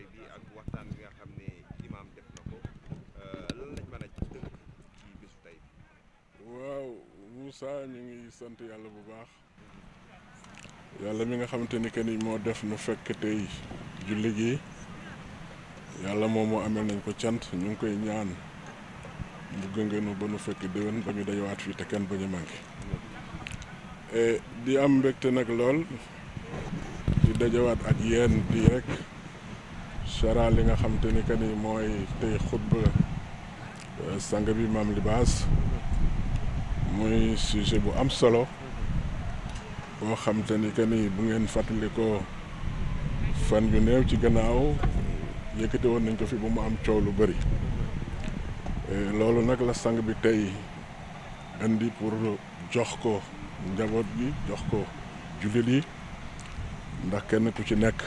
jotaay ak waxtaan bi nga xam ne imaam def na ko euh, lan lañ mën a ci dënk ci bésu tey bi waaw Moussa ñu ngi sant yàlla bu baax yàlla mi nga xamante ni que ni moo def nu fekk tey julli gi yàlla moom moo amel nañ ko cant ñu ngi koy ñaan mu gëngënu ba nu fekk déwén ba ñu dajawaat fii te kenn ba ñu manqué di am mbégte nag lool di dajawaat ak yéen di sera li nga xam te ni que ni mooy tey xutba euh, sang bi Mame Libasse muy sujet bu am solo boo xam te ni que ni bu ngeen ko fan yu néew ci gannaaw yëkkati woon nañ ko fi ba mu am coow lu bëri euh, loolu nag la sang bi tey indi pour jox ko njaboot gi jox ko jullit yi ndax kenn ku ci nekk.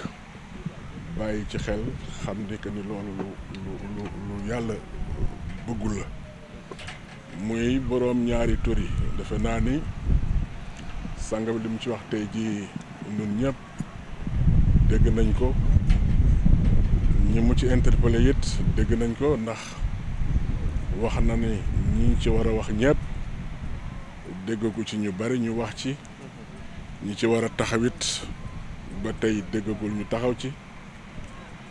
bàyyi ci xel xam ni que ni loolu lu lu lu yàlla bëggul la muy boroom ñaari tur yi defe naa ni sàng bi mu ci wax tey jii ñun ñëpp dégg nañ ko ñi mu ci interpellé it dégg nañ ko ndax wax na ni ñi ci war a wax ñëpp dégg ci ñu bari ñu wax ci ñi ci war a taxawit ba tey déggagul ñu taxaw ci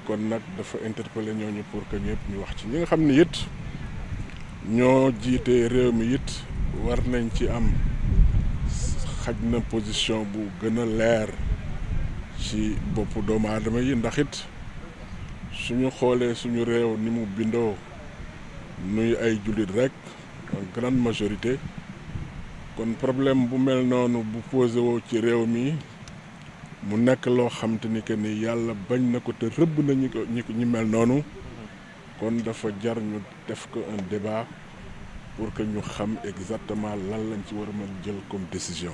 kon nag dafa ñoo ñooñu pour que ñëpp ñu wax ci ñi nga xam ni it ñoo jiite réew mi it war nañ ci am xaj na position bu gën a leer ci boppu doomu aadama yi ndax it suñu xoolee suñu réew ni mu bindoo nuy ay jullit rek en grande majorité kon problème bu mel noonu bu posé woo ci réew mi mu nekk loo xam te ni que ni yàlla bañ na ko te rëbb na ñi ko ñi mel noonu kon dafa jar ñu def ko un débat pour que ñu xam exactement lan lañ ci war a mën jël comme décision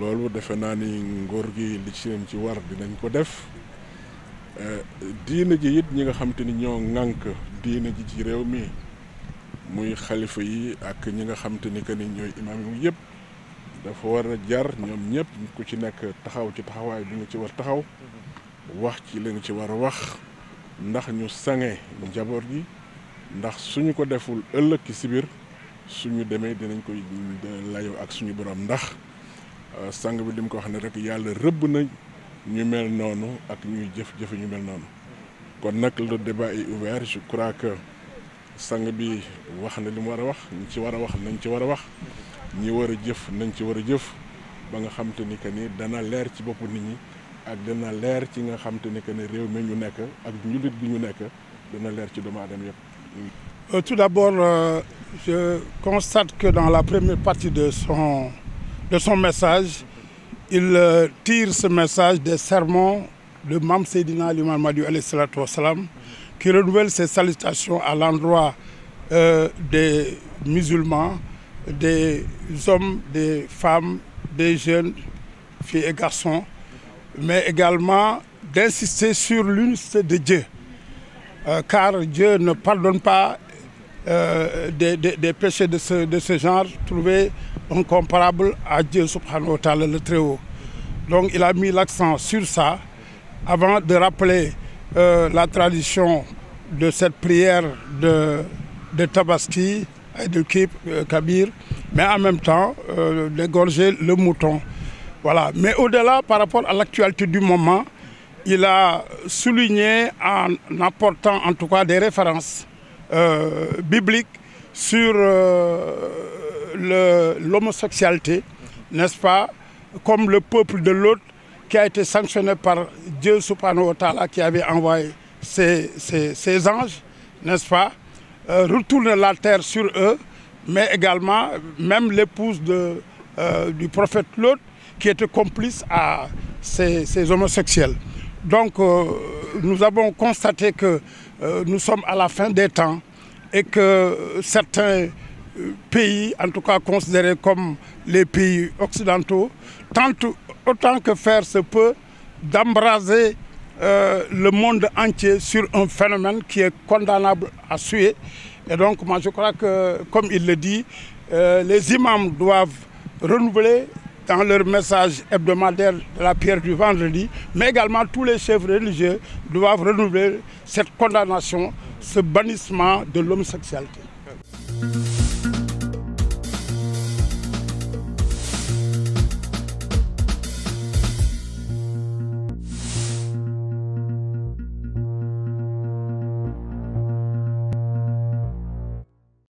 loolu defe naa ni nguur gi li ci ci war dinañ ko def euh, diina ji it ñi nga xam te ni ñoo ŋànk diina ji ci réew mi muy xalifa yi ak ñi nga xam te ni que ni ñooy imaam yi yëpp. dafa war a jar ñoom ñëpp ku ci nekk taxaw ci taxawaay bi nga ci war taxaw wax ci li nga ci war a wax ndax ñu sange njaboot gi ndax suñu ko deful ëllëg ci si biir suñu demee dinañ koy layoo ak suñu boroom ndax euh, sang bi li mu ko wax ne rek yàlla rëbb na ñu mel noonu ak ñuy jëf-jëfe ñu mel noonu kon nag le débat est ouvert je crois que sang bi wax na li mu war a wax ñu ci war a wax nañ ci war a wax ñi war a jëf nañ ci war a jëf ba nga xam te ni que ni dana leer ci boppu nit ñi ak dana leer ci nga xam te ni que ni réew mi ñu nekk ak njulit bi ñu nekk dana leer ci doomu aadama yëpp. Euh, tout d'abord euh, je constate que dans la première partie de son de son message il euh, tire ce message des sermons de Mame Seydina Limamou Mahdi alayhi salatu wassalam qui renouvelle ses salutations à l'endroit euh, des musulmans des hommes, des femmes, des jeunes, filles et garçons, mais également d'insister sur l'unité de Dieu. Euh, car Dieu ne pardonne pas euh, des, des, des, péchés de ce, de ce genre, trouvés incomparables à Dieu subhanahu wa ta'ala le Très-Haut. Donc il a mis l'accent sur ça avant de rappeler euh, la tradition de cette prière de, de Tabaski Kip euh, Kabir, mais en même temps euh, d'égorger le mouton. Voilà. Mais au-delà, par rapport à l'actualité du moment, il a souligné en apportant en tout cas des références euh, bibliques sur euh, l'homosexualité, n'est-ce pas, comme le peuple de l'autre qui a été sanctionné par Dieu subhanahu wa ta'ala qui avait envoyé ses, ses, ses anges, n'est-ce pas, Euh, retourner la terre sur eux, mais également même l'épouse de, euh, du prophète Lot qui était complice à ces, ces homosexuels. Donc euh, nous avons constaté que euh, nous sommes à la fin des temps et que certains euh, pays, en tout cas considérés comme les pays occidentaux, tentent autant que faire se peut d'embraser euh, le monde entier sur un phénomène qui est condamnable à suer. Et donc, moi, je crois que, comme il le dit, euh, les imams doivent renouveler dans leur message hebdomadaire de la pierre du vendredi, mais également tous les chefs religieux doivent renouveler cette condamnation, ce bannissement de l'homosexualité.